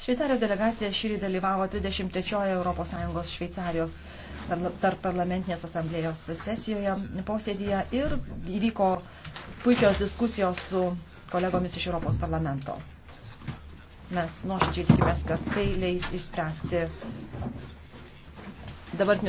Šveicarijos delegacija šį dalyvavo 33 ES Šveicarijos tarp parlamentinės asamblėjos sesijoje, posėdėje ir įvyko puikios diskusijos su kolegomis iš Europos parlamento. Mes nuoširdžiai tikimės, kad tai leis išspręsti dabartinį